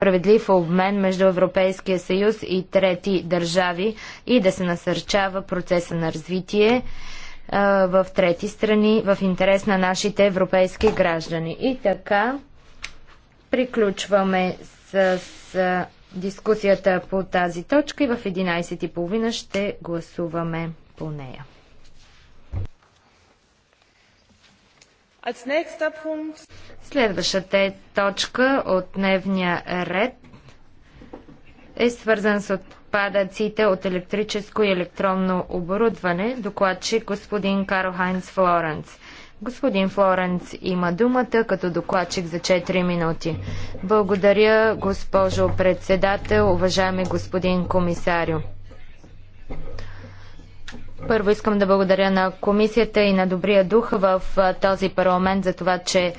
справедлив обмен между Европейския съюз и трети държави и да се насърчава процеса на развитие в трети страни в интерес на нашите европейски граждани. И така приключваме с, с дискусията по тази точка и в 11.30 ще гласуваме по нея. Следващата е точка от дневния ред е свързан с отпадъците от електрическо и електронно оборудване, докладчик господин Карл Хайнц Флоренц. Господин Флоренц има думата като докладчик за 4 минути. Благодаря, госпожо председател, уважаеми господин комисарю. Първо искам да благодаря на комисията и на добрия дух в този парламент за това, че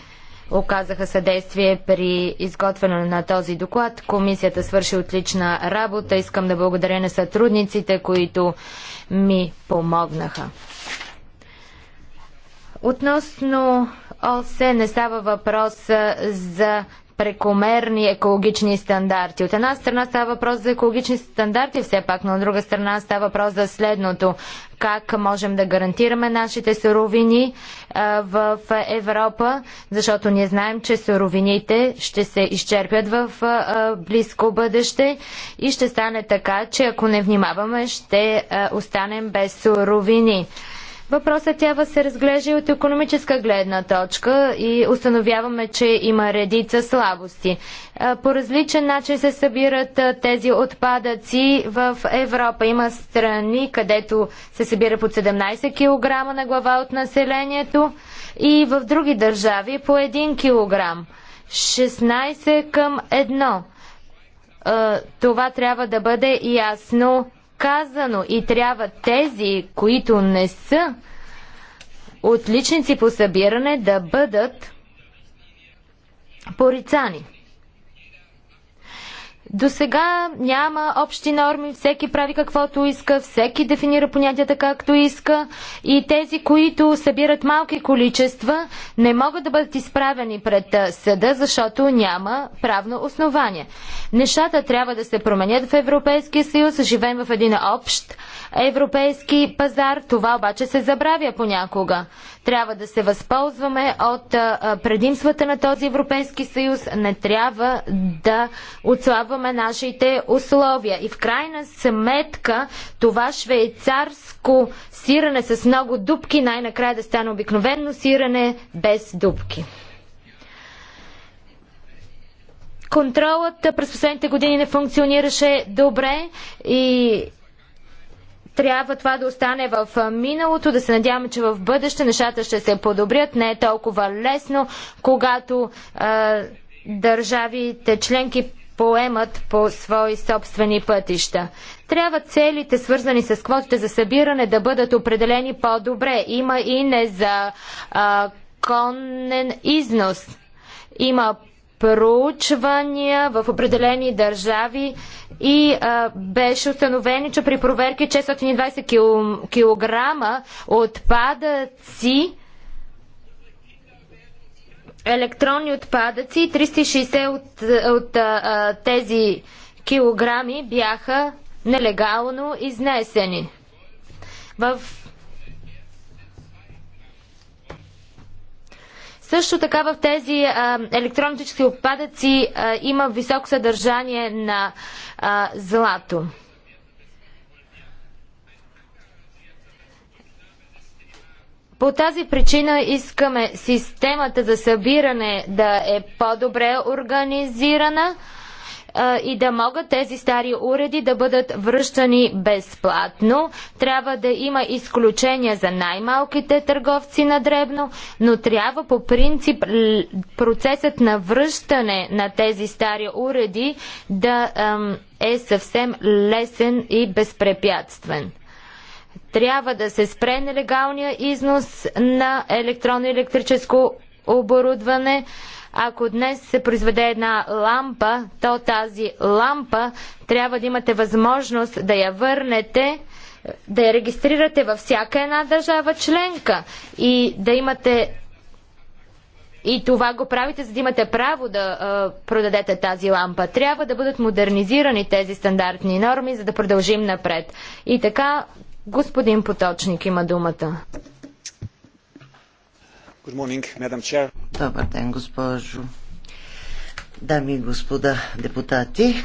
оказаха съдействие при изготвяне на този доклад. Комисията свърши отлична работа. Искам да благодаря на сътрудниците, които ми помогнаха. Относно ОСЕ не става въпрос за прекомерни екологични стандарти. От една страна става въпрос за екологични стандарти все пак, но от друга страна става въпрос за следното. Как можем да гарантираме нашите суровини а, в Европа, защото ние знаем, че суровините ще се изчерпят в а, близко бъдеще и ще стане така, че ако не внимаваме, ще а, останем без суровини. Въпросът трябва се разглежда и от економическа гледна точка и установяваме, че има редица слабости. По различен начин се събират тези отпадъци в Европа. Има страни, където се събира под 17 кг на глава от населението и в други държави по 1 кг. 16 към 1. Това трябва да бъде ясно казано и трябва тези, които не са отличници по събиране, да бъдат порицани. До сега няма общи норми, всеки прави каквото иска, всеки дефинира понятията както иска и тези, които събират малки количества, не могат да бъдат изправени пред съда, защото няма правно основание. Нещата трябва да се променят в Европейския съюз, живеем в един общ европейски пазар, това обаче се забравя понякога. Трябва да се възползваме от предимствата на този Европейски съюз. Не трябва да отслабваме нашите условия. И в крайна сметка това швейцарско сиране с много дубки най-накрая да стане обикновено сиране без дубки. Контролът през последните години не функционираше добре и трябва това да остане в миналото, да се надяваме, че в бъдеще нещата ще се подобрят. Не е толкова лесно, когато а, държавите членки поемат по свои собствени пътища. Трябва целите, свързани с квотите за събиране, да бъдат определени по-добре. Има и не за а, конен износ. Има проучвания в определени държави и а, беше установено, че при проверки 620 кил, килограма отпадъци електронни отпадъци, 360 от, от а, тези килограми бяха нелегално изнесени. В Също така в тези а, електронически отпадъци а, има високо съдържание на а, злато. По тази причина искаме системата за събиране да е по-добре организирана и да могат тези стари уреди да бъдат връщани безплатно. Трябва да има изключения за най-малките търговци на дребно, но трябва по принцип процесът на връщане на тези стари уреди да е съвсем лесен и безпрепятствен трябва да се спре нелегалния износ на електронно електрическо оборудване, ако днес се произведе една лампа, то тази лампа трябва да имате възможност да я върнете, да я регистрирате във всяка една държава членка и да имате и това го правите, за да имате право да а, продадете тази лампа. Трябва да бъдат модернизирани тези стандартни норми, за да продължим напред. И така, господин Поточник има думата. Morning, Добър ден, госпожо. Дами и господа депутати,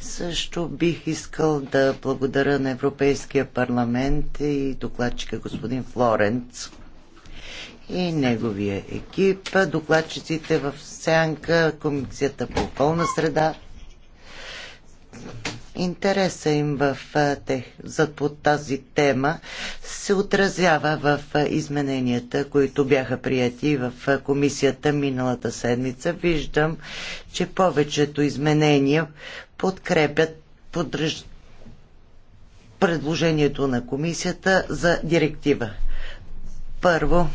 също бих искал да благодаря на Европейския парламент и докладчика господин Флоренц и неговия екип, докладчиците в Сянка, Комисията по околна среда интереса им в, за, по тази тема се отразява в измененията, които бяха прияти в комисията миналата седмица. Виждам, че повечето изменения подкрепят подръж... предложението на комисията за директива. Първо,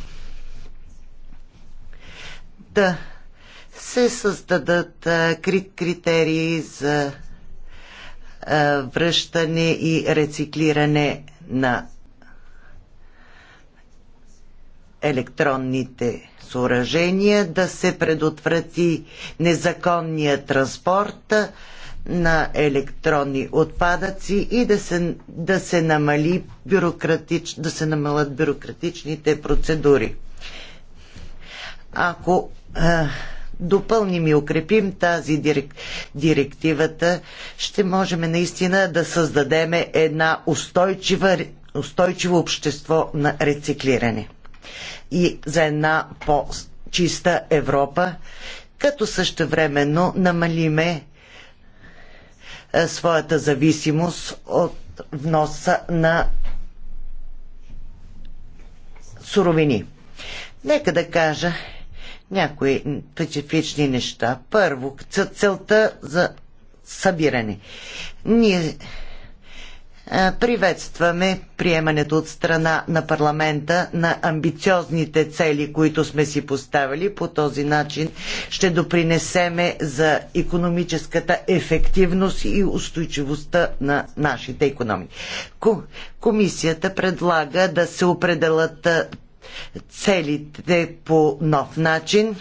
да се създадат критерии за е, връщане и рециклиране на електронните съоръжения, да се предотврати незаконния транспорт на електронни отпадъци и да се, да се, намали бюрократич, да се намалят бюрократичните процедури. Ако а, е, допълним и укрепим тази дирек... директивата, ще можем наистина да създадем една устойчива, устойчиво общество на рециклиране и за една по-чиста Европа, като същевременно намалиме е, своята зависимост от вноса на суровини. Нека да кажа, някои специфични неща. Първо, целта за събиране. Ние приветстваме приемането от страна на парламента на амбициозните цели, които сме си поставили. По този начин ще допринесеме за економическата ефективност и устойчивостта на нашите економики. Комисията предлага да се определят целите по нов начин.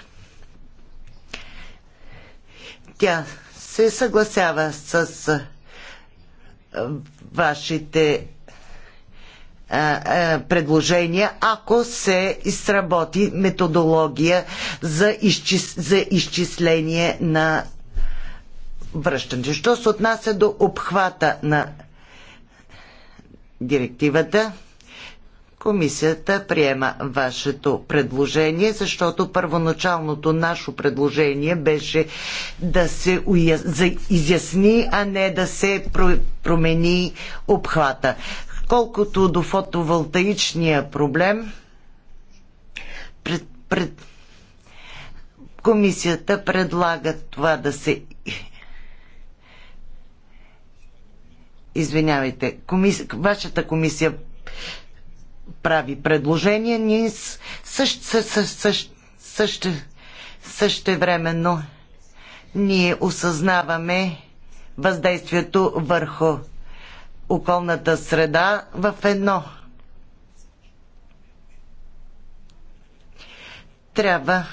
Тя се съгласява с вашите предложения, ако се изработи методология за, изчис... за изчисление на връщането. Що се отнася до обхвата на директивата, Комисията приема вашето предложение, защото първоначалното наше предложение беше да се изясни, а не да се промени обхвата. Колкото до фотоволтаичния проблем, пред, пред, комисията предлага това да се Извинявайте, вашата комисия прави предложения, ние също, също, също, също, същевременно ние осъзнаваме въздействието върху околната среда в едно. Трябва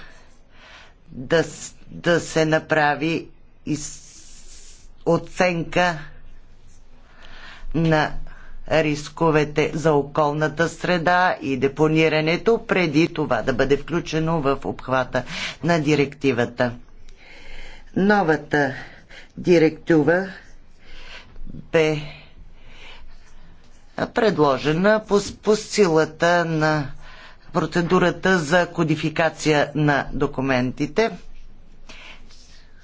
да, да се направи из, оценка на рисковете за околната среда и депонирането преди това да бъде включено в обхвата на директивата. Новата директива бе предложена по, по силата на процедурата за кодификация на документите.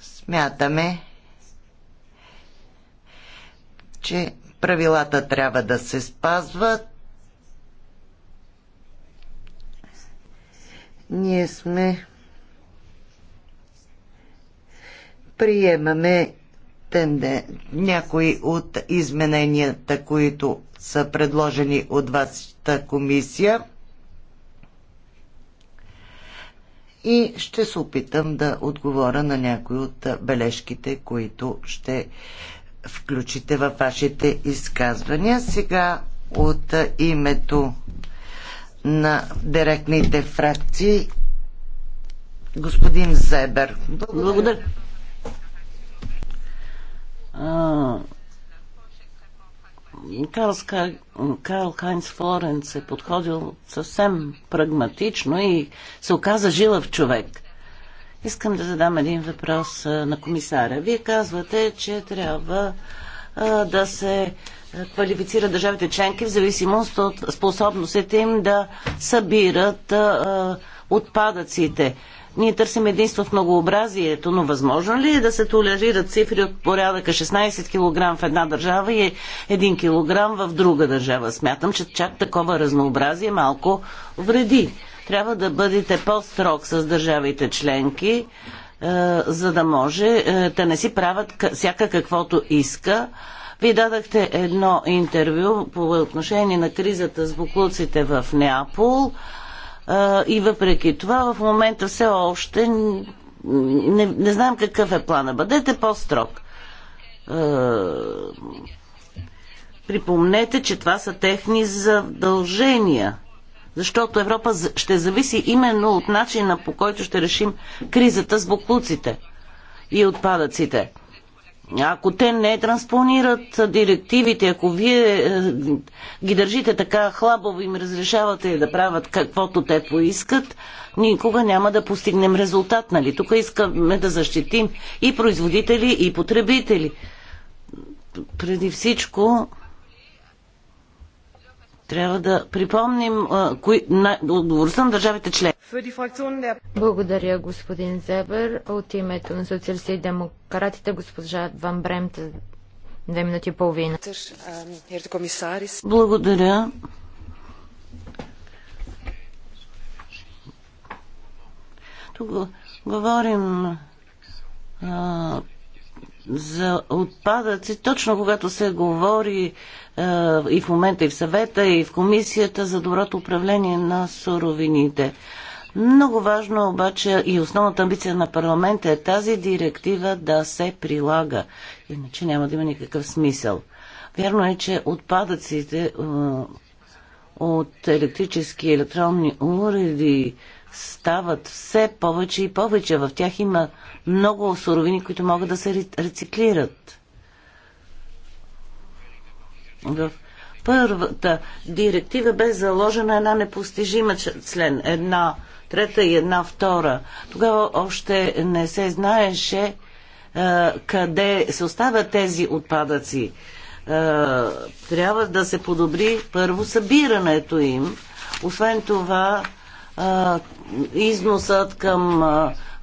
Смятаме, че Правилата трябва да се спазват. Ние сме приемаме тенде, някои от измененията, които са предложени от вашата комисия. И ще се опитам да отговоря на някои от бележките, които ще включите във вашите изказвания. Сега от името на директните фракции господин Зебер. Благодаря. Благодаря. Карл, Карл Хайнц Флоренц е подходил съвсем прагматично и се оказа жилав човек. Искам да задам един въпрос на комисара. Вие казвате, че трябва да се квалифицира държавите членки в зависимост от способностите им да събират отпадъците. Ние търсим единство в многообразието, но възможно ли е да се толерират цифри от порядъка 16 кг в една държава и 1 кг в друга държава? Смятам, че чак такова разнообразие малко вреди трябва да бъдете по-строг с държавите членки, е, за да може да е, не си правят всяка каквото иска. Вие дадахте едно интервю по отношение на кризата с буклуците в Неапол е, и въпреки това в момента все още не, не знаем какъв е плана. Бъдете по-строг. Припомнете, че това са техни задължения. Защото Европа ще зависи именно от начина по който ще решим кризата с буклуците и отпадъците. Ако те не транспонират директивите, ако вие е, ги държите така хлабово, им разрешавате да правят каквото те поискат, никога няма да постигнем резултат. Нали? Тук искаме да защитим и производители, и потребители. Преди всичко трябва да припомним отговорността на държавите член. Благодаря, господин Зебер. От името на социалисти и демократите, госпожа Ван Бремт, две минути и половина. Благодаря. Тук говорим а, за отпадъци, точно когато се говори е, и в момента, и в съвета, и в комисията за доброто управление на суровините. Много важно обаче и основната амбиция на парламента е тази директива да се прилага. Иначе няма да има никакъв смисъл. Вярно е, че отпадъците е, от електрически и електронни уреди, стават все повече и повече. В тях има много суровини, които могат да се рециклират. В първата директива бе заложена една непостижима член, една трета и една втора. Тогава още не се знаеше е, къде се оставят тези отпадъци. Е, трябва да се подобри първо събирането им. Освен това, износът към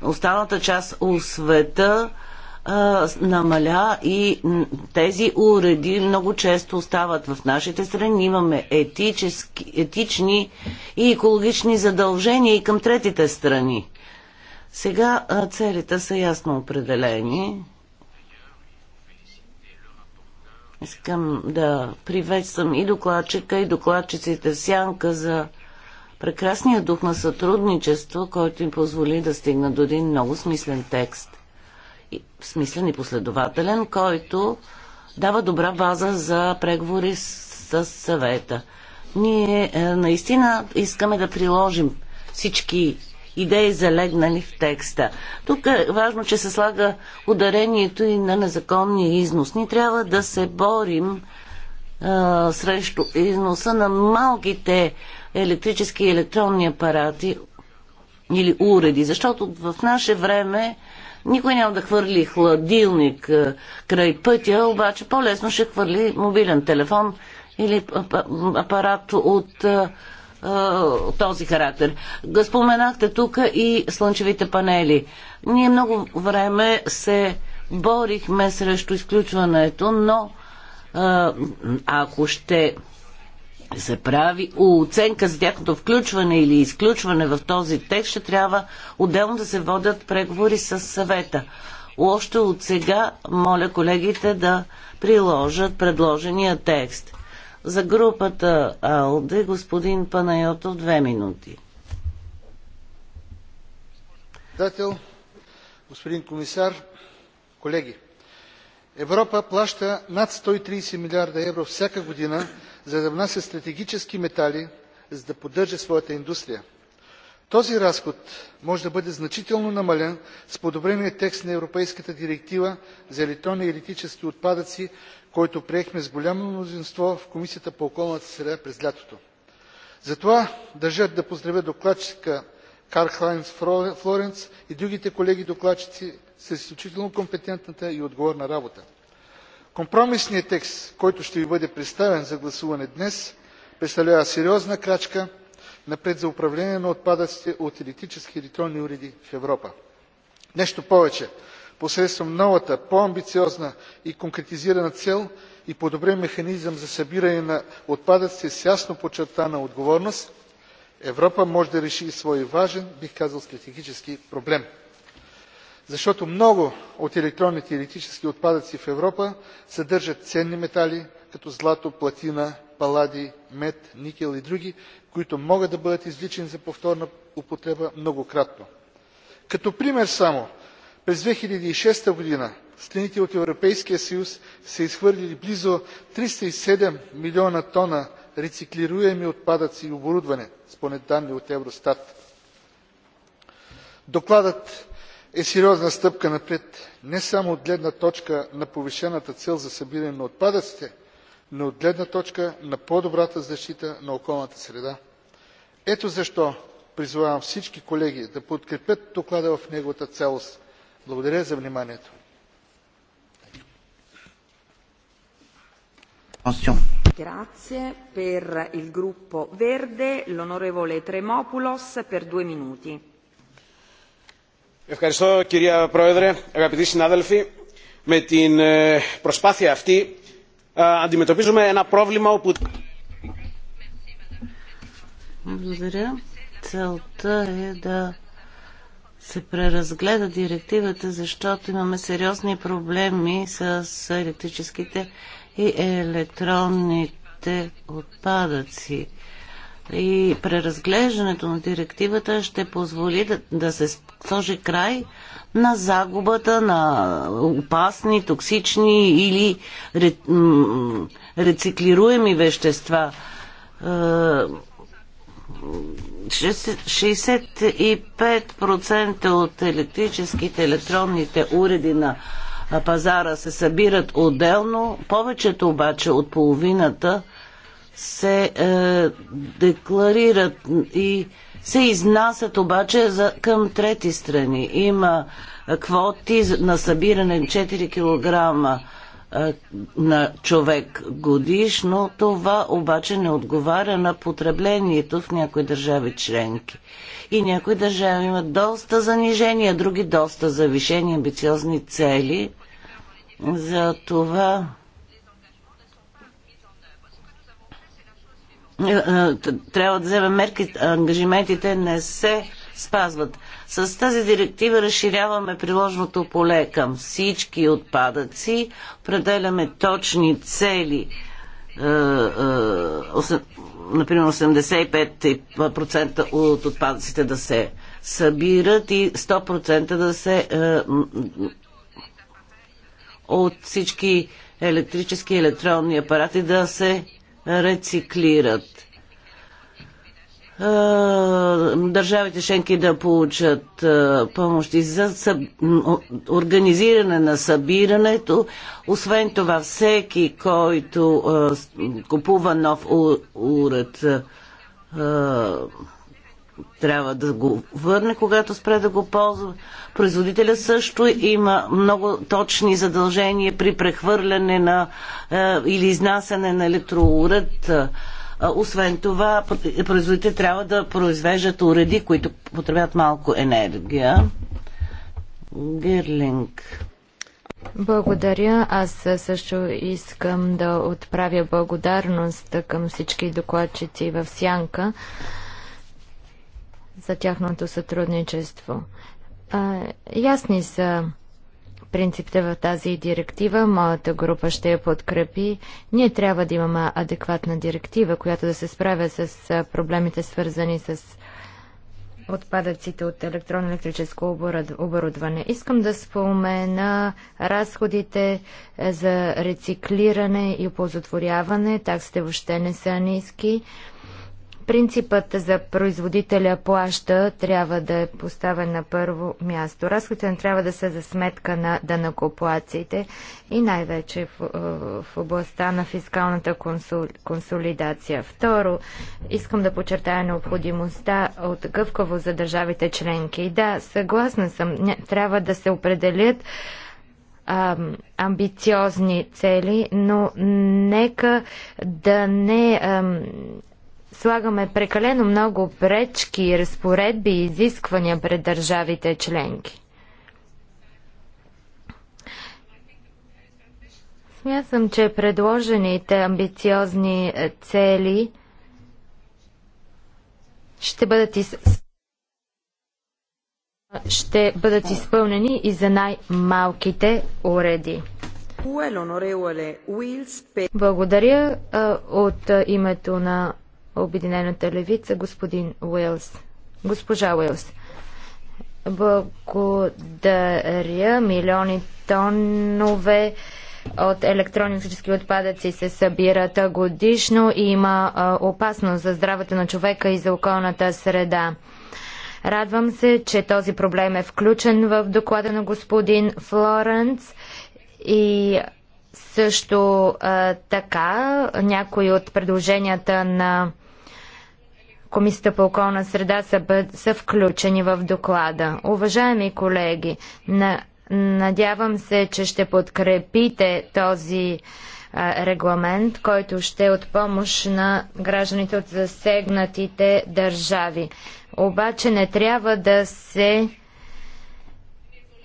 останата част от света намаля и тези уреди много често остават в нашите страни. Имаме етически, етични и екологични задължения и към третите страни. Сега целите са ясно определени. Искам да приветствам и докладчика, и докладчиците сянка за прекрасния дух на сътрудничество, който им позволи да стигна до един много смислен текст. И, смислен и последователен, който дава добра база за преговори с, с съвета. Ние е, наистина искаме да приложим всички идеи залегнали в текста. Тук е важно, че се слага ударението и на незаконния износ. Ние трябва да се борим а, срещу износа на малките електрически и електронни апарати или уреди, защото в наше време никой няма да хвърли хладилник е, край пътя, обаче по-лесно ще хвърли мобилен телефон или апарат от е, е, този характер. Споменахте тук и слънчевите панели. Ние много време се борихме срещу изключването, но ако ще се прави оценка за тяхното включване или изключване в този текст, ще трябва отделно да се водят преговори с съвета. Още от сега моля колегите да приложат предложения текст. За групата АЛДЕ господин Панайотов две минути. Председател, господин комисар, колеги. Европа плаща над 130 милиарда евро всяка година за да внася стратегически метали за да поддържа своята индустрия. Този разход може да бъде значително намален с подобрения текст на Европейската директива за електронни и електрически отпадъци, който приехме с голямо мнозинство в Комисията по околната среда през лятото. Затова държа да поздравя докладчика Карл Хайнц Флоренц и другите колеги докладчици с изключително компетентната и отговорна работа компромисният текст който ще ви бъде представен за гласуване днес представлява сериозна крачка напред за управление на отпадъците от електрически и електронни уреди в европа. нещо повече посредством новата по амбициозна и конкретизирана цел и подобрен механизъм за събиране на отпадъците с ясно подчертана отговорност европа може да реши свой важен бих казал стратегически проблем защото много от електронните и електрически отпадъци в европа съдържат ценни метали като злато платина палади, мед никел и други които могат да бъдат извличани за повторна употреба многократно. като пример само през две хиляди и шеста година страните от европейския съюз са изхвърлили близо триста и седем милиона тона рециклируеми отпадъци и оборудване според данни от евростат. докладът е сериозна стъпка напред не само от гледна точка на повишената цел за събиране на отпадъците, но и от гледна точка на по-добрата защита на околната среда. Ето защо призовавам всички колеги да подкрепят доклада в неговата цялост. Благодаря за вниманието. Grazie per il gruppo Verde, l'onorevole per due minuti κυρία πρόεδρε αγαπητοί συνάδελφοι με την προσπάθεια αυτή αντιμετωπίζουμε ένα πρόβλημα όπου. Благодаря. Целта е да се преразгледа директивата, защото имаме сериозни проблеми с електрическите и електронните отпадъци и преразглеждането на директивата ще позволи да, да се сложи край на загубата на опасни, токсични или ре, рециклируеми вещества. 65% е, от електрическите електронните уреди на пазара се събират отделно, повечето обаче от половината – се е, декларират и се изнасят обаче за, към трети страни. Има квоти на събиране 4 кг е, на човек годишно. Това обаче не отговаря на потреблението в някои държави членки. И някои държави имат доста занижения, други доста завишени амбициозни цели. За това Е, е, трябва да вземем мерки, ангажиментите не се спазват. С тази директива разширяваме приложното поле към всички отпадъци, определяме точни цели, е, например 85% от отпадъците да се събират и 100% да се от всички електрически и електронни апарати да се рециклират. Държавите шенки да получат помощи за организиране на събирането. Освен това, всеки, който купува нов уред, трябва да го върне, когато спре да го ползва. Производителя също има много точни задължения при прехвърляне на е, или изнасяне на електроуред. Е, освен това, производителите трябва да произвеждат уреди, които потребят малко енергия. Гирлинг. Благодаря. Аз също искам да отправя благодарност към всички докладчици в Сянка за тяхното сътрудничество. А, ясни са принципите в тази директива. Моята група ще я подкрепи. Ние трябва да имаме адекватна директива, която да се справя с проблемите, свързани с отпадъците от електронно-електрическо оборудване. Искам да спомена разходите е, за рециклиране и оползотворяване. Таксите въобще не са ниски. Принципът за производителя плаща трябва да е поставен на първо място. Разходите не трябва да са за сметка на данакоплаците и най-вече в, в областта на фискалната консолидация. Второ, искам да подчертая необходимостта от гъвкаво за държавите членки. Да, съгласна съм, трябва да се определят амбициозни цели, но нека да не слагаме прекалено много пречки, разпоредби и изисквания пред държавите членки. Смятам, че предложените амбициозни е, цели ще бъдат, из... ще бъдат изпълнени и за най-малките уреди. Благодаря е, от името на Обединената левица, господин Уилс. Госпожа Уилс. Благодаря. Милиони тонове от електронически отпадъци се събират годишно и има опасност за здравето на човека и за околната среда. Радвам се, че този проблем е включен в доклада на господин Флоренц и също а, така някои от предложенията на Комисията по околна среда са, бъд, са включени в доклада. Уважаеми колеги, на, надявам се, че ще подкрепите този а, регламент, който ще е от помощ на гражданите от засегнатите държави. Обаче не трябва да се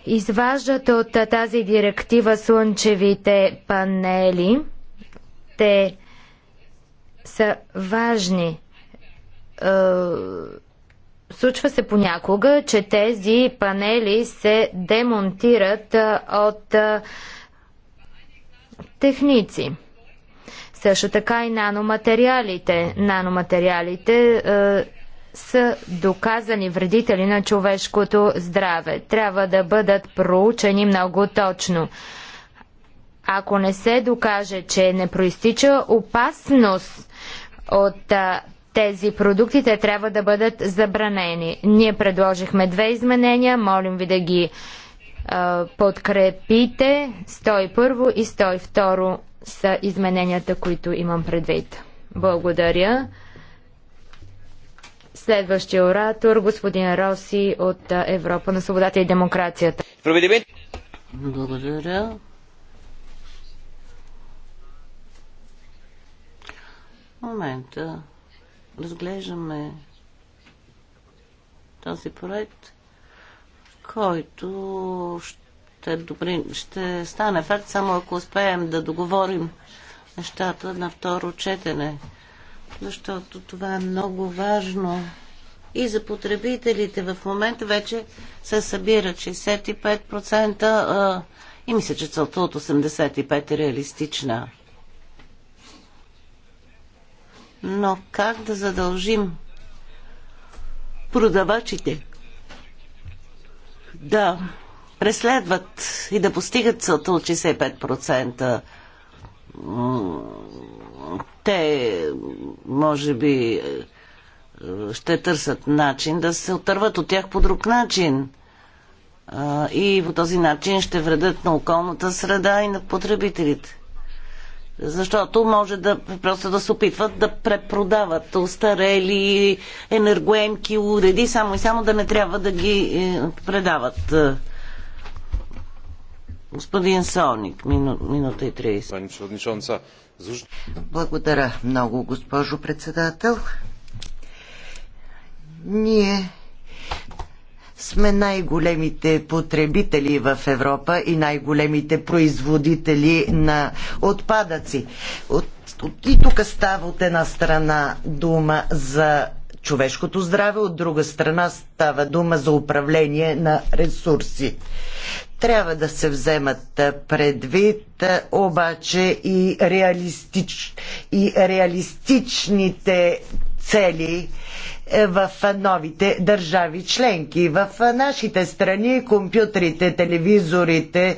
изваждат от тази директива слънчевите панели. Те са важни е, случва се понякога, че тези панели се демонтират е, от е, техници. Също така и наноматериалите. Наноматериалите са доказани вредители на човешкото здраве. Трябва да бъдат проучени много точно. Ако не се докаже, че не проистича опасност от а, тези продукти, те трябва да бъдат забранени. Ние предложихме две изменения, молим ви да ги подкрепите. 101 и 102 са измененията, които имам предвид. Благодаря. Следващия оратор, господин Роси от Европа на свободата и демокрацията. Благодаря. момента разглеждаме този проект, който ще, добри, ще стане ефект само ако успеем да договорим нещата на второ четене. Защото това е много важно и за потребителите. В момента вече се събира 65% и мисля, че целта от 85% е реалистична. Но как да задължим продавачите да преследват и да постигат целта от 65%? Те, може би, ще търсят начин да се отърват от тях по друг начин. И по този начин ще вредят на околната среда и на потребителите. Защото може да просто да се опитват да препродават остарели енергоемки уреди, само и само да не трябва да ги е, предават. Господин Солник, мину, минута и 30. Благодаря много, госпожо председател. Ние сме най-големите потребители в Европа и най-големите производители на отпадъци. От, от, и тук става от една страна дума за човешкото здраве, от друга страна става дума за управление на ресурси. Трябва да се вземат предвид обаче и, реалистич, и реалистичните цели е в новите държави членки. В нашите страни компютрите, телевизорите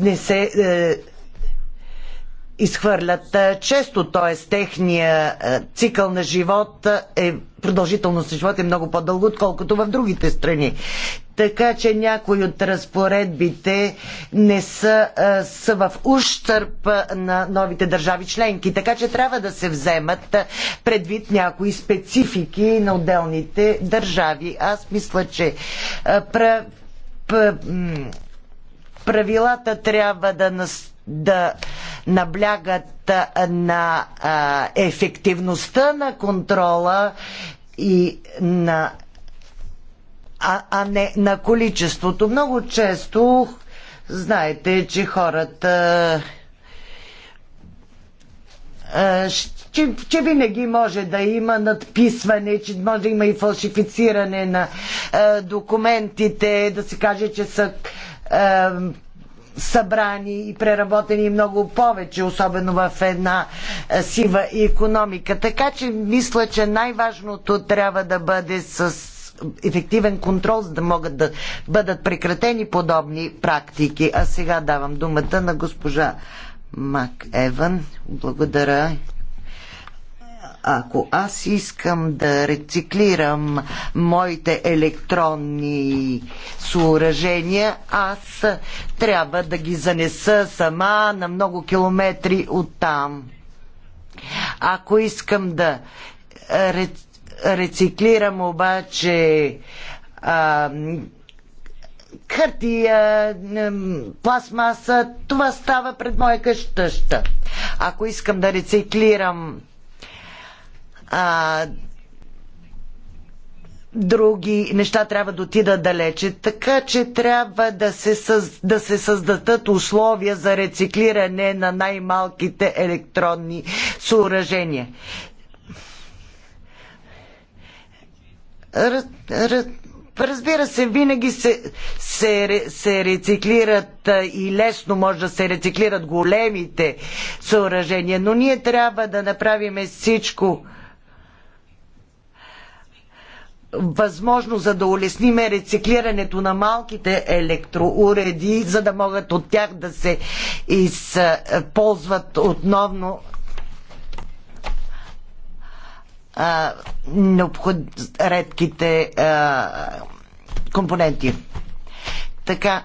не се е, изхвърлят е, често, т.е. техния цикъл на живот е, продължителност на живот е много по-дълго, отколкото в другите страни така че някои от разпоредбите не са, а, са в ущърп на новите държави членки. Така че трябва да се вземат предвид някои специфики на отделните държави. Аз мисля, че а, пра, пра, правилата трябва да нас да наблягат на а, ефективността на контрола и на а, а не на количеството. Много често знаете, че хората че, че винаги може да има надписване, че може да има и фалшифициране на е, документите, да се каже, че са е, събрани и преработени много повече, особено в една сива економика. Така че мисля, че най-важното трябва да бъде с ефективен контрол, за да могат да бъдат прекратени подобни практики. А сега давам думата на госпожа Мак Еван. Благодаря ако аз искам да рециклирам моите електронни съоръжения, аз трябва да ги занеса сама на много километри от там. Ако искам да рециклирам обаче а, хартия, пластмаса, това става пред моя къща. Ако искам да рециклирам а, други неща трябва да отидат далече. Така че трябва да се, съз... да се създадат условия за рециклиране на най-малките електронни съоръжения. раз, раз, Разбира се, винаги се, се, се рециклират и лесно може да се рециклират големите съоръжения, но ние трябва да направим всичко възможно, за да улесниме рециклирането на малките електроуреди, за да могат от тях да се използват отново а, необход... редките а, компоненти. Така,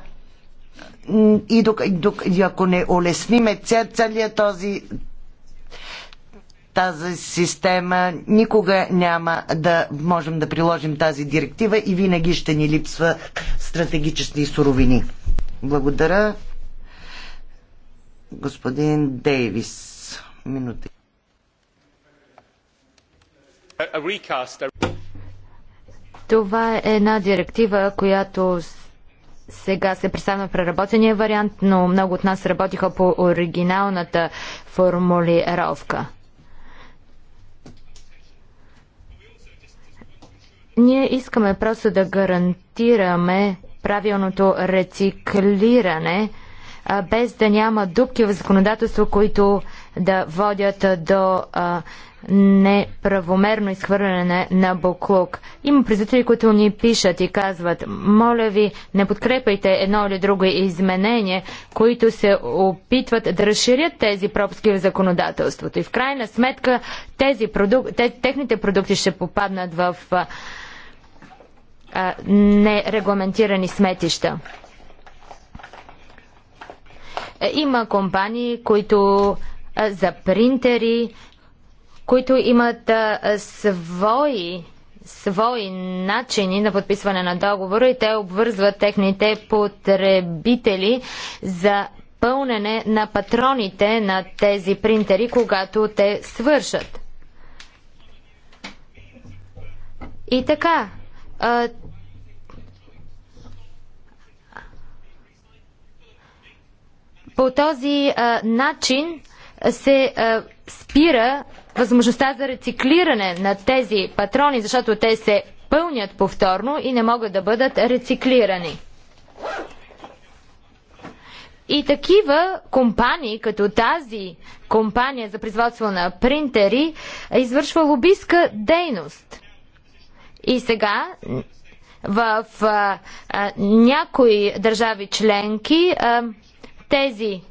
и док, док, ако не улесниме ця, целия този тази система, никога няма да можем да приложим тази директива и винаги ще ни липсва стратегически суровини. Благодаря. Господин Дейвис, минути. Това е една директива, която сега се представя преработения вариант, но много от нас работиха по оригиналната формулировка. Ние искаме просто да гарантираме правилното рециклиране, без да няма дупки в законодателство, които да водят до неправомерно изхвърляне на, на буклук. Има производители, които ни пишат и казват, моля ви, не подкрепайте едно или друго изменение, които се опитват да разширят тези пропуски в законодателството. И в крайна сметка тези продук... те, техните продукти ще попаднат в а, а, нерегламентирани сметища. Е, има компании, които а, за принтери, които имат а, свои свои начини на подписване на договора и те обвързват техните потребители за пълнене на патроните на тези принтери, когато те свършат. И така. А, по този а, начин се а, спира възможността за рециклиране на тези патрони, защото те се пълнят повторно и не могат да бъдат рециклирани. И такива компании, като тази компания за производство на принтери, извършва лобистка дейност. И сега в а, а, някои държави членки а, тези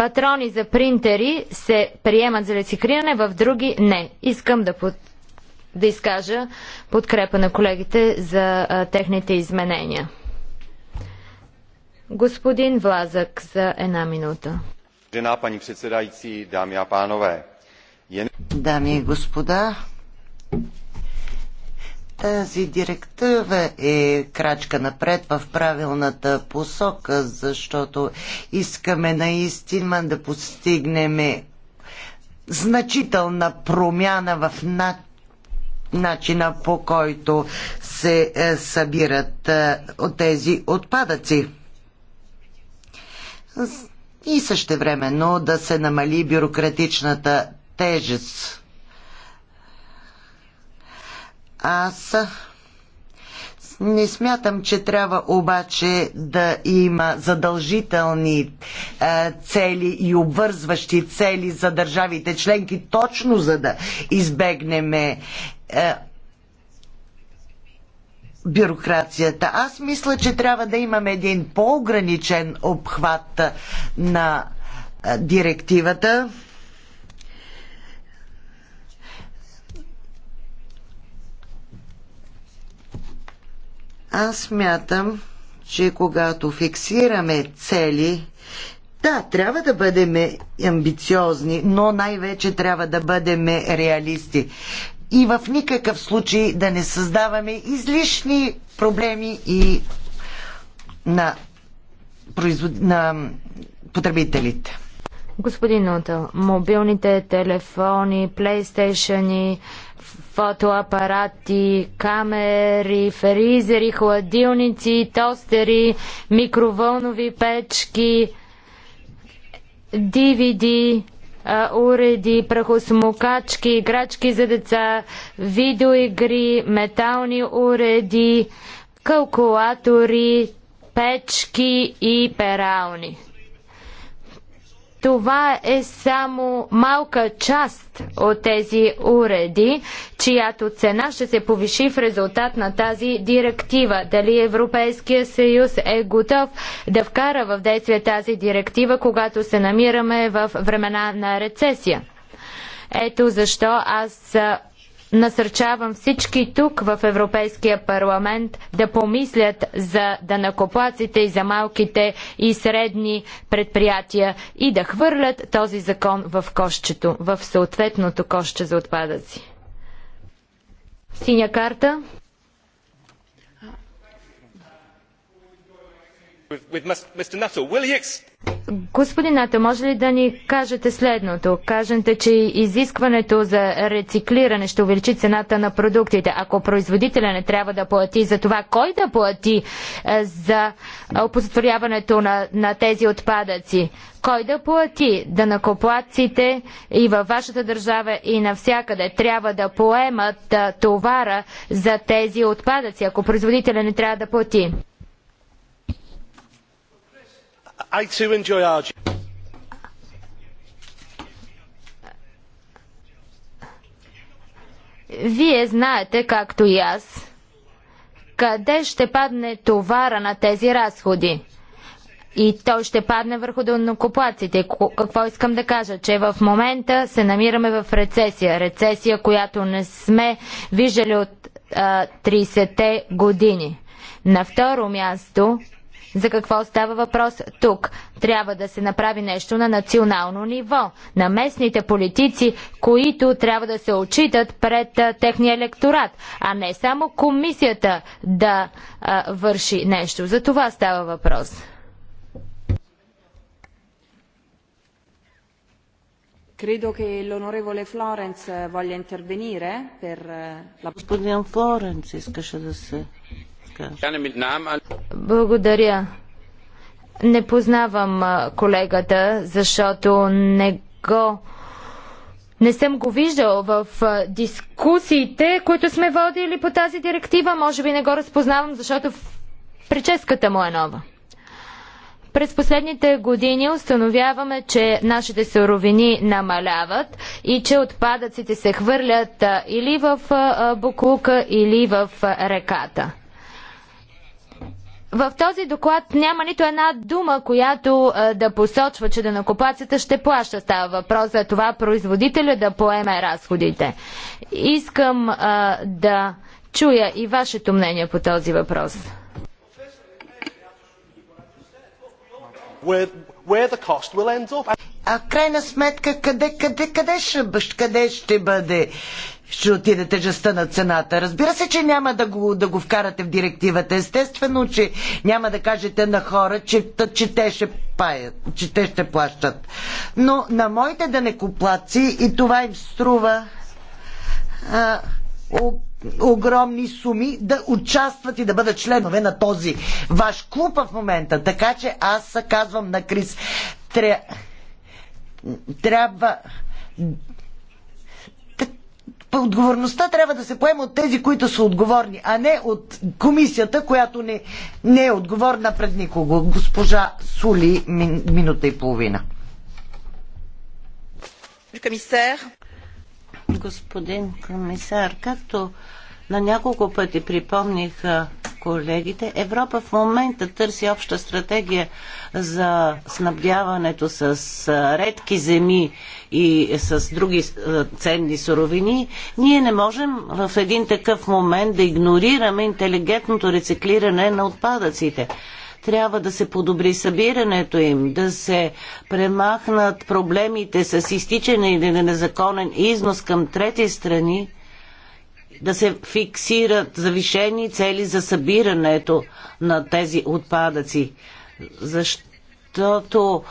Патрони за принтери се приемат за рециклиране, в други не. Искам да, под... да изкажа подкрепа на колегите за а, техните изменения. Господин Влазък за една минута. Жена, пани председайци, дами и панове. Дами и господа, тази директива е крачка напред в правилната посока, защото искаме наистина да постигнем значителна промяна в на... начина по който се е, събират е, от тези отпадъци. И също времено да се намали бюрократичната тежест аз не смятам, че трябва обаче да има задължителни е, цели и обвързващи цели за държавите членки, точно за да избегнем е, бюрокрацията. Аз мисля, че трябва да имаме един по-ограничен обхват на е, директивата. Аз мятам, че когато фиксираме цели, да, трябва да бъдем амбициозни, но най-вече трябва да бъдем реалисти. И в никакъв случай да не създаваме излишни проблеми и на, производ... на потребителите. Господин Нотел, мобилните телефони, плейстейшени, фотоапарати, камери, фризери, хладилници, тостери, микровълнови печки, DVD, уреди, прахосмокачки, играчки за деца, видеоигри, метални уреди, калкулатори, печки и перални. Това е само малка част от тези уреди, чиято цена ще се повиши в резултат на тази директива. Дали Европейския съюз е готов да вкара в действие тази директива, когато се намираме в времена на рецесия? Ето защо аз Насърчавам всички тук в Европейския парламент да помислят за данакоплаците и за малките и средни предприятия и да хвърлят този закон в кошчето, в съответното кошче за отпадъци. Синя карта. Господин Нато, може ли да ни кажете следното? Кажете, че изискването за рециклиране ще увеличи цената на продуктите. Ако производителя не трябва да плати за това, кой да плати е, за опозотворяването на, на тези отпадъци? Кой да плати? Да накоплаците и във вашата държава и навсякъде трябва да поемат е, товара за тези отпадъци, ако производителя не трябва да плати. I too enjoy our Вие знаете, както и аз, къде ще падне товара на тези разходи. И той ще падне върху донокоплаците. Какво искам да кажа? Че в момента се намираме в рецесия. Рецесия, която не сме виждали от а, 30-те години. На второ място, за какво става въпрос тук? Трябва да се направи нещо на национално ниво, на местните политици, които трябва да се отчитат пред а, техния електорат, а не само комисията да а, върши нещо. За това става въпрос. Credo che l'onorevole Florence voglia intervenire per la... Господин Флоренц искаше да се Пашка. Благодаря. Не познавам колегата, защото не го не съм го виждал в дискусиите, които сме водили по тази директива. Може би не го разпознавам, защото прическата му е нова. През последните години установяваме, че нашите суровини намаляват и че отпадъците се хвърлят или в Букулка, или в реката. В този доклад няма нито една дума, която да посочва, че данакоплацата ще плаща. Става въпрос за това производителя да поеме разходите. Искам а, да чуя и вашето мнение по този въпрос. А крайна сметка, къде, къде, къде, ще, къде ще бъде ще отиде тежестта на цената. Разбира се, че няма да го, да го вкарате в директивата. Естествено, че няма да кажете на хора, че, че те ще паят, че те ще плащат. Но на моите данекоплаци и това им струва а, о, огромни суми да участват и да бъдат членове на този ваш клуб в момента. Така че аз казвам на Крис, тря... трябва отговорността трябва да се поема от тези, които са отговорни, а не от комисията, която не, не е отговорна пред никого. Госпожа Сули, мин, минута и половина. Господин комисар, както на няколко пъти припомних колегите. Европа в момента търси обща стратегия за снабдяването с редки земи и с други ценни суровини. Ние не можем в един такъв момент да игнорираме интелигентното рециклиране на отпадъците трябва да се подобри събирането им, да се премахнат проблемите с изтичане или незаконен износ към трети страни, да се фиксират завишени цели за събирането на тези отпадъци. Защото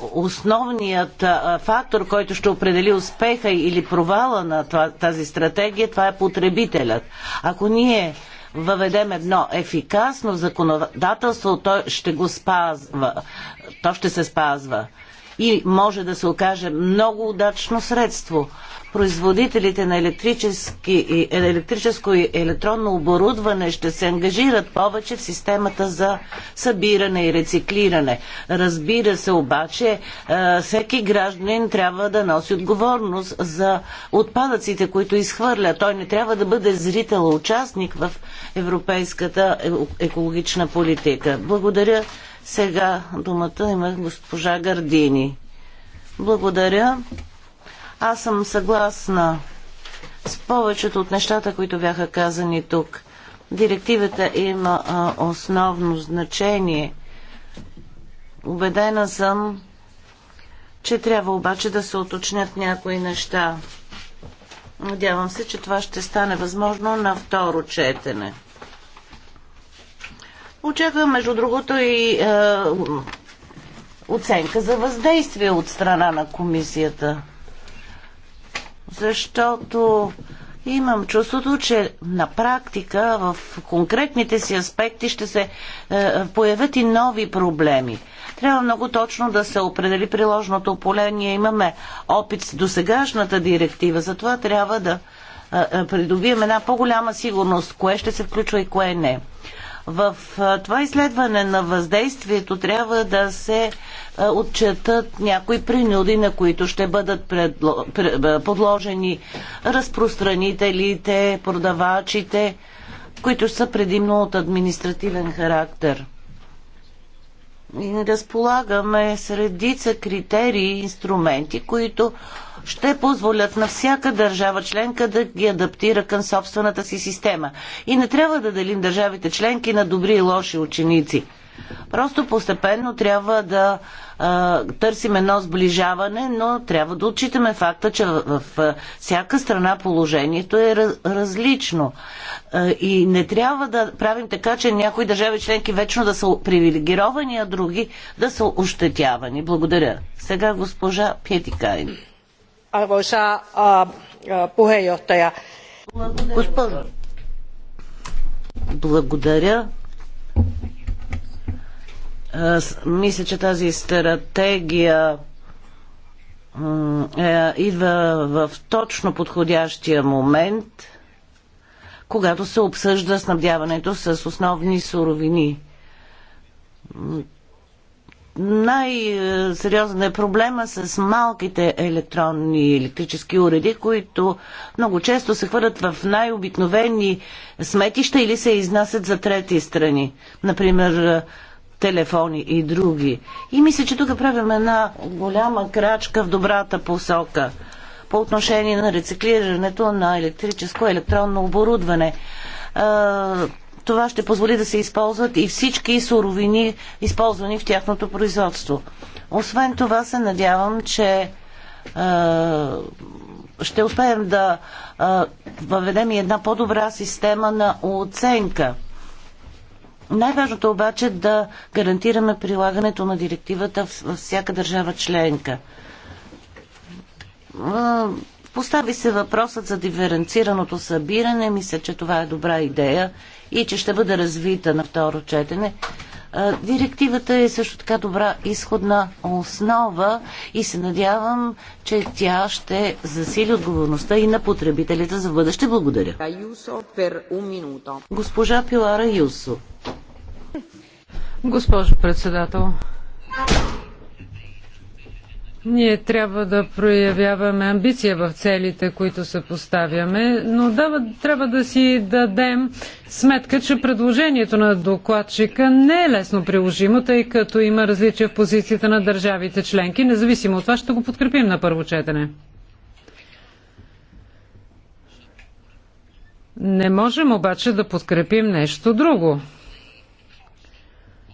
основният фактор, който ще определи успеха или провала на тази стратегия, това е потребителят. Ако ние въведем едно ефикасно законодателство, то ще го спазва. То ще се спазва. И може да се окаже много удачно средство производителите на електрически, е, електрическо и електронно оборудване ще се ангажират повече в системата за събиране и рециклиране. Разбира се обаче, е, всеки гражданин трябва да носи отговорност за отпадъците, които изхвърля. Той не трябва да бъде зрител, участник в европейската е, екологична политика. Благодаря. Сега думата има госпожа Гардини. Благодаря. Аз съм съгласна с повечето от нещата, които бяха казани тук. Директивата има а, основно значение. Убедена съм, че трябва обаче да се уточнят някои неща. Надявам се, че това ще стане възможно на второ четене. Очаквам, между другото, и е, оценка за въздействие от страна на комисията защото имам чувството, че на практика в конкретните си аспекти ще се е, появят и нови проблеми. Трябва много точно да се определи приложното поле. Ние имаме опит с досегашната директива, затова трябва да е, е, придобием една по-голяма сигурност, кое ще се включва и кое не. В е, това изследване на въздействието трябва да се отчетат някои принуди, на които ще бъдат подложени разпространителите, продавачите, които са предимно от административен характер. И не разполагаме средица критерии и инструменти, които ще позволят на всяка държава членка да ги адаптира към собствената си система. И не трябва да делим държавите членки на добри и лоши ученици – Просто постепенно трябва да а, търсим едно сближаване, но трябва да отчитаме факта, че в, в всяка страна положението е раз, различно. А, и не трябва да правим така, че някои държави членки вечно да са привилегировани, а други да са ощетявани. Благодаря. Сега госпожа Петикайн. Арвоша Пухейотая. Благодаря. Благодаря. Аз мисля, че тази стратегия е, идва в точно подходящия момент, когато се обсъжда снабдяването с основни суровини. Най-сериозен е проблема с малките електронни и електрически уреди, които много често се хвърлят в най-обикновени сметища или се изнасят за трети страни. Например, телефони и други. И мисля, че тук правим една голяма крачка в добрата посока по отношение на рециклирането на електрическо и електронно оборудване. Това ще позволи да се използват и всички суровини, използвани в тяхното производство. Освен това се надявам, че ще успеем да въведем и една по-добра система на оценка – най-важното обаче е да гарантираме прилагането на директивата във всяка държава членка. Постави се въпросът за диференцираното събиране. Мисля, че това е добра идея и че ще бъде развита на второ четене. Директивата е също така добра изходна основа и се надявам, че тя ще засили отговорността и на потребителите за бъдеще. Благодаря. Госпожа Пилара Юсо. Госпожо председател, ние трябва да проявяваме амбиция в целите, които се поставяме, но дава, трябва да си дадем сметка, че предложението на докладчика не е лесно приложимо, тъй като има различия в позицията на държавите членки. Независимо от това, ще го подкрепим на първо четене. Не можем обаче да подкрепим нещо друго.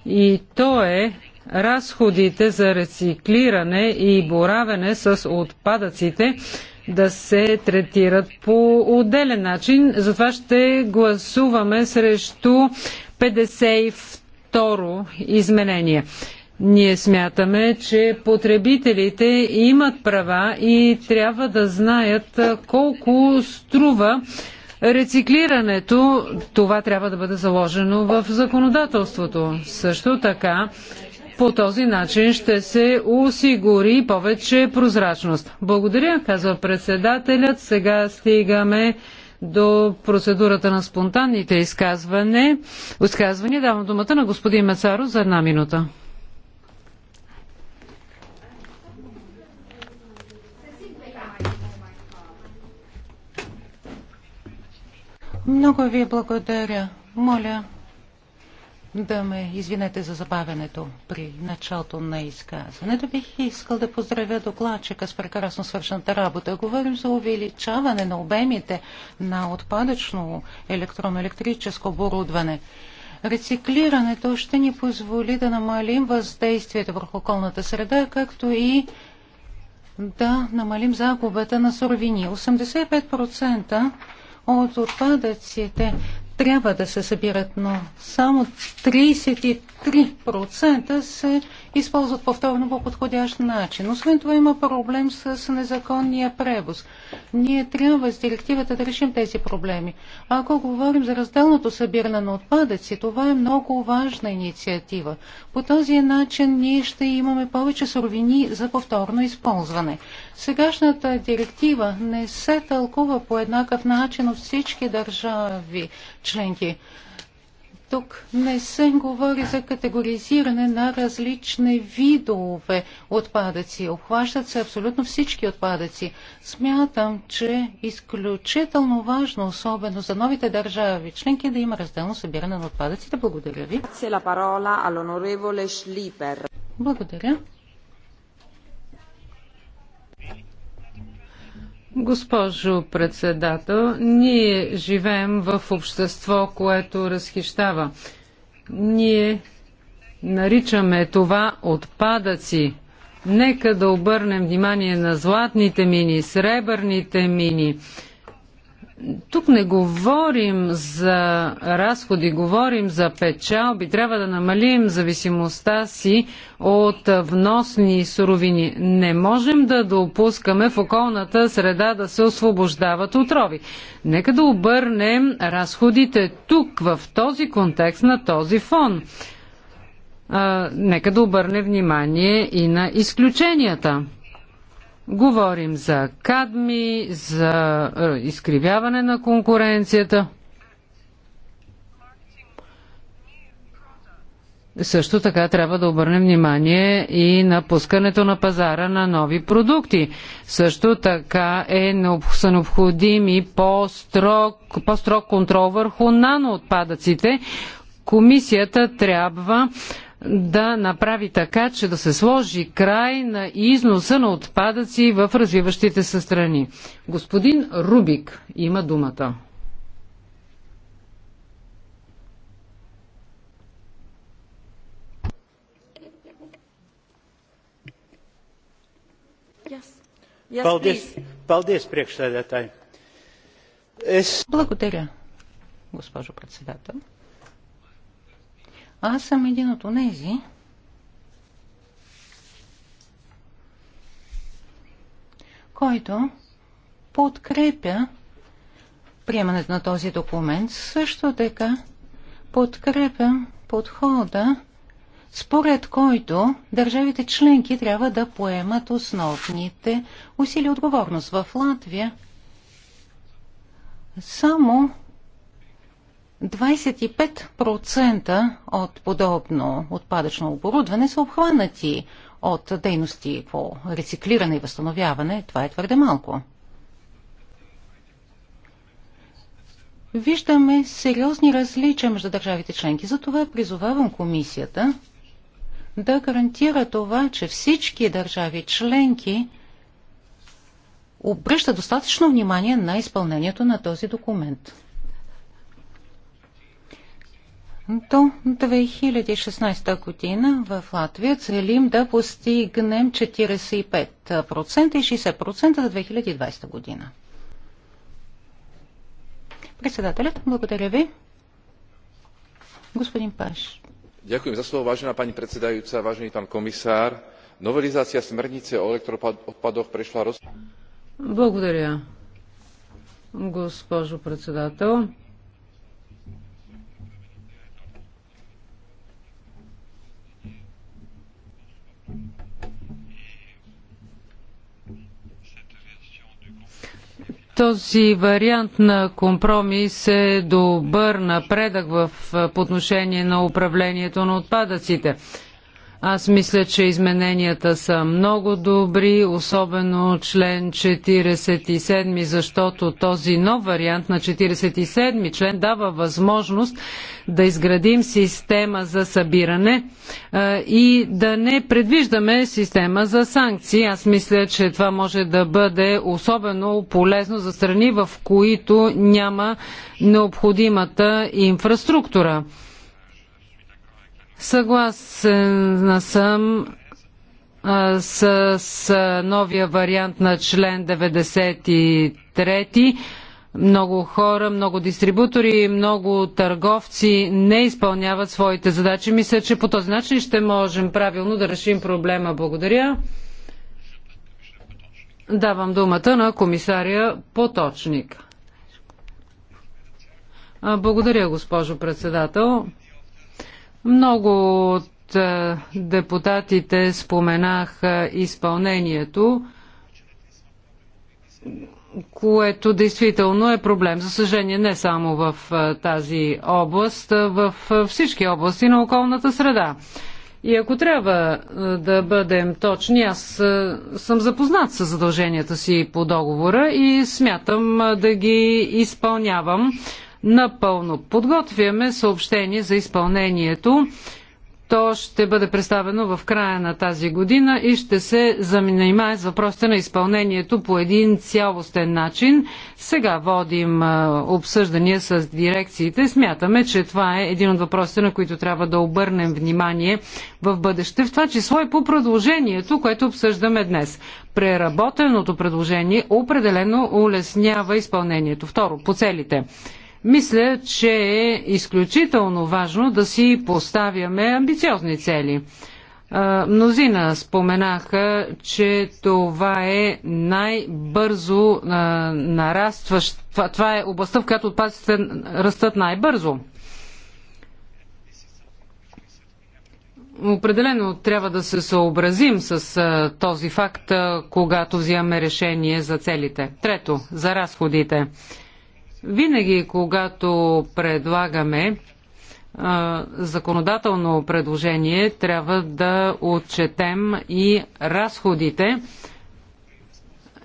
И то е разходите за рециклиране и боравене с отпадъците да се третират по отделен начин. Затова ще гласуваме срещу 52-ро изменение. Ние смятаме, че потребителите имат права и трябва да знаят колко струва рециклирането. Това трябва да бъде заложено в законодателството. Също така по този начин ще се осигури повече прозрачност. Благодаря, казва председателят. Сега стигаме до процедурата на спонтанните изказване. изказвания. Давам думата на господин Мецаро за една минута. Много ви благодаря. Моля, да ме извинете за забавянето при началото на изказването. Бих искал да поздравя докладчика с прекрасно свършената работа. Говорим за увеличаване на обемите на отпадъчно електронно-електрическо оборудване. Рециклирането ще ни позволи да намалим въздействието върху околната среда, както и да намалим загубата на суровини. 85% от отпадъците трябва да се събират, но само 33% се използват повторно по подходящ начин. Освен това има проблем с незаконния превоз. Ние трябва с директивата да решим тези проблеми. Ако говорим за разделното събиране на отпадъци, това е много важна инициатива. По този начин ние ще имаме повече суровини за повторно използване. Сегашната директива не се тълкува по еднакъв начин от всички държави членки. Тук не се говори за категоризиране на различни видове отпадъци. Обхващат се абсолютно всички отпадъци. Смятам, че е изключително важно, особено за новите държави членки, е да има разделно събиране на отпадъците. Благодаря ви. Благодаря. Госпожо председател, ние живеем в общество, което разхищава. Ние наричаме това отпадъци. Нека да обърнем внимание на златните мини, сребърните мини тук не говорим за разходи, говорим за печалби. Трябва да намалим зависимостта си от вносни суровини. Не можем да допускаме в околната среда да се освобождават отрови. Нека да обърнем разходите тук, в този контекст, на този фон. А, нека да обърнем внимание и на изключенията. Говорим за кадми, за е, изкривяване на конкуренцията. Също така трябва да обърнем внимание и на пускането на пазара на нови продукти. Също така е са необходими по-строг, по-строг контрол върху наноотпадъците. Комисията трябва да направи така, че да се сложи край на износа на отпадъци в развиващите се страни. Господин Рубик има думата. Благодаря, госпожо председател. Аз съм един от онези, който подкрепя приемането на този документ. Също така подкрепя подхода, според който държавите членки трябва да поемат основните усилия отговорност в Латвия. Само 25% от подобно отпадъчно оборудване са обхванати от дейности по рециклиране и възстановяване. Това е твърде малко. Виждаме сериозни различия между държавите членки. Затова призовавам комисията да гарантира това, че всички държави членки обръщат достатъчно внимание на изпълнението на този документ. До 2016 година в Латвия целим да постигнем 45% и 60% за 2020 година. Председателят, благодаря ви. Господин Паш. Ďakujem za slovo, vážená pani predsedajúca, vážený pán komisár. Novelizácia smernice o elektroodpadoch prešla roz... Благодаря, госпожо председател. Този вариант на компромис е добър напредък в, по отношение на управлението на отпадъците. Аз мисля, че измененията са много добри, особено член 47, защото този нов вариант на 47 член дава възможност да изградим система за събиране а, и да не предвиждаме система за санкции. Аз мисля, че това може да бъде особено полезно за страни, в които няма необходимата инфраструктура. Съгласен съм с, с новия вариант на член 93. Много хора, много дистрибутори, много търговци не изпълняват своите задачи. Мисля, че по този начин ще можем правилно да решим проблема. Благодаря. Давам думата на комисаря Поточник. Благодаря, госпожо председател. Много от депутатите споменаха изпълнението, което действително е проблем. За съжаление, не само в тази област, в всички области на околната среда. И ако трябва да бъдем точни, аз съм запознат с задълженията си по договора и смятам да ги изпълнявам напълно. Подготвяме съобщение за изпълнението. То ще бъде представено в края на тази година и ще се занимае с въпросите на изпълнението по един цялостен начин. Сега водим обсъждания с дирекциите. Смятаме, че това е един от въпросите, на които трябва да обърнем внимание в бъдеще. В това число и е по продължението, което обсъждаме днес. Преработеното предложение определено улеснява изпълнението. Второ, по целите. Мисля, че е изключително важно да си поставяме амбициозни цели. Мнозина споменаха, че това е най-бързо нарастващ. Това, това е областта, в която отпадците растат най-бързо. Определено трябва да се съобразим с този факт, когато взимаме решение за целите. Трето, за разходите. Винаги, когато предлагаме а, законодателно предложение, трябва да отчетем и разходите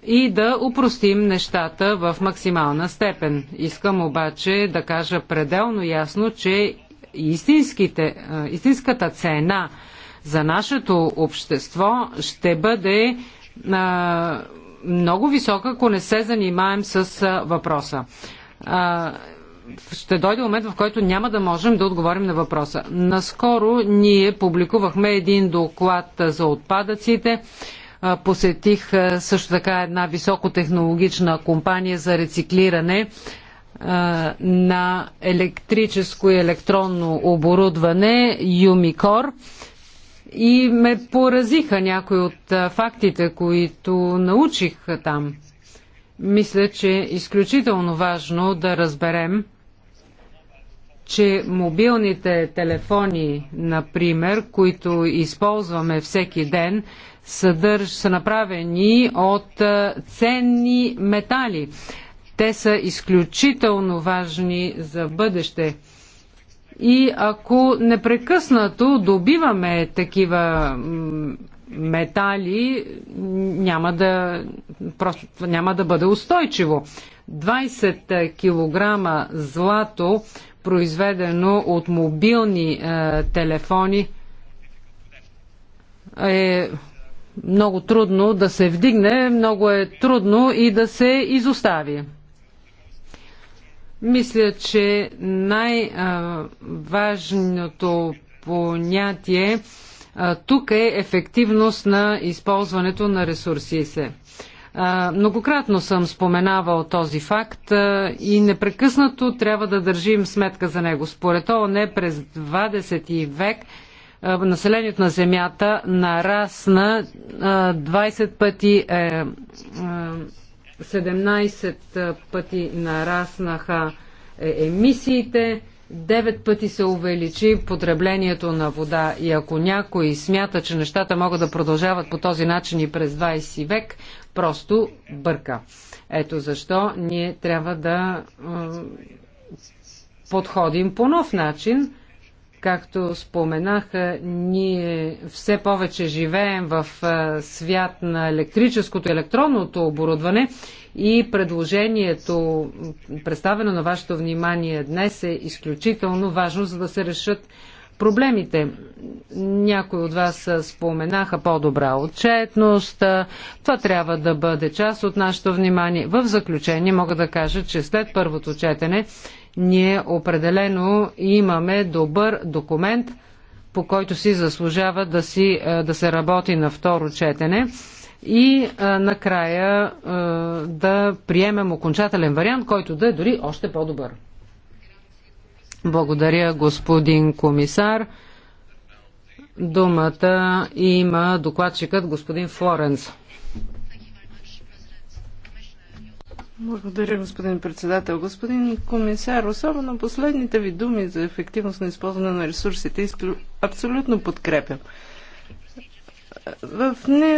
и да упростим нещата в максимална степен. Искам обаче да кажа пределно ясно, че истинската цена за нашето общество ще бъде а, много висока, ако не се занимаем с а, въпроса а, ще дойде момент, в който няма да можем да отговорим на въпроса. Наскоро ние публикувахме един доклад за отпадъците. Посетих също така една високотехнологична компания за рециклиране на електрическо и електронно оборудване Юмикор и ме поразиха някои от фактите, които научих там. Мисля, че е изключително важно да разберем, че мобилните телефони, например, които използваме всеки ден, съдърж, са направени от ценни метали. Те са изключително важни за бъдеще. И ако непрекъснато добиваме такива метали няма да, просто няма да бъде устойчиво. 20 кг злато, произведено от мобилни е, телефони, е много трудно да се вдигне, много е трудно и да се изостави. Мисля, че най-важното понятие е тук е ефективност на използването на ресурси се. Многократно съм споменавал този факт и непрекъснато трябва да държим сметка за него. Според ООН през 20 век населението на Земята нарасна 20 пъти, 17 е, пъти нараснаха е, емисиите, Девет пъти се увеличи потреблението на вода и ако някой смята, че нещата могат да продължават по този начин и през 20 век, просто бърка. Ето защо ние трябва да подходим по нов начин Както споменах, ние все повече живеем в свят на електрическото, и електронното оборудване и предложението, представено на вашето внимание днес, е изключително важно, за да се решат проблемите. Някои от вас споменаха по-добра отчетност. Това трябва да бъде част от нашето внимание. В заключение мога да кажа, че след първото четене ние определено имаме добър документ, по който си заслужава да, си, е, да се работи на второ четене и а, е, накрая а, е, да приемем окончателен вариант, който да е дори още по-добър. Благодаря, господин комисар. Думата има докладчикът господин Флоренц. Благодаря, господин председател. Господин комисар, особено последните ви думи за ефективност на използване на ресурсите абсолютно подкрепям. В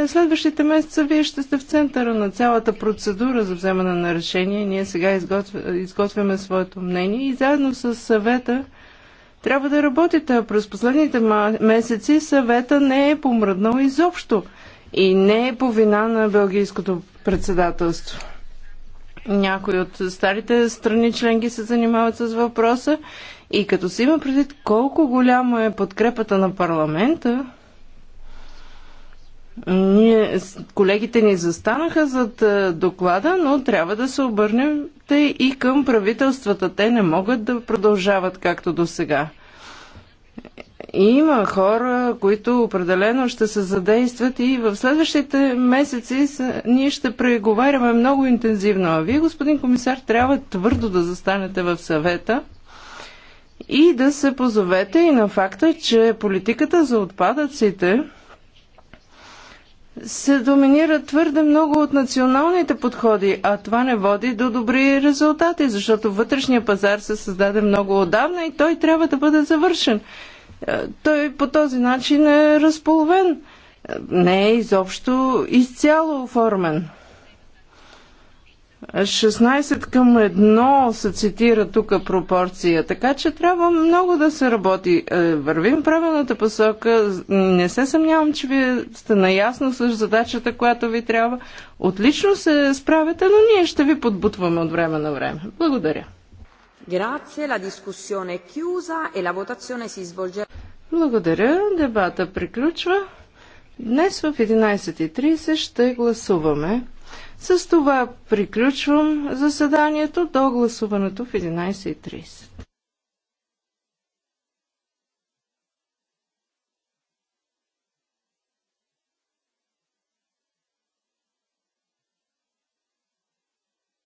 следващите месеца вие ще сте в центъра на цялата процедура за вземане на решение. Ние сега изготвя, изготвяме своето мнение и заедно с съвета трябва да работите. През последните месеци съвета не е помръднал изобщо и не е по вина на Белгийското председателство. Някои от старите страни членки се занимават с въпроса и като се има предвид колко голяма е подкрепата на парламента, ние, колегите ни застанаха зад е, доклада, но трябва да се обърнем и към правителствата. Те не могат да продължават както до сега. Има хора, които определено ще се задействат и в следващите месеци ние ще преговаряме много интензивно. А вие, господин комисар, трябва твърдо да застанете в съвета и да се позовете и на факта, че политиката за отпадъците се доминира твърде много от националните подходи, а това не води до добри резултати, защото вътрешния пазар се създаде много отдавна и той трябва да бъде завършен. Е, той по този начин е разполовен. Е, не е изобщо изцяло оформен. 16 към 1 се цитира тук пропорция, така че трябва много да се работи. Е, вървим правилната посока, не се съмнявам, че вие сте наясно с задачата, която ви трябва. Отлично се справяте, но ние ще ви подбутваме от време на време. Благодаря. E Благодаря, дебата приключва. Днес в 11.30 ще гласуваме. С това приключвам заседанието до гласуването в 11.30.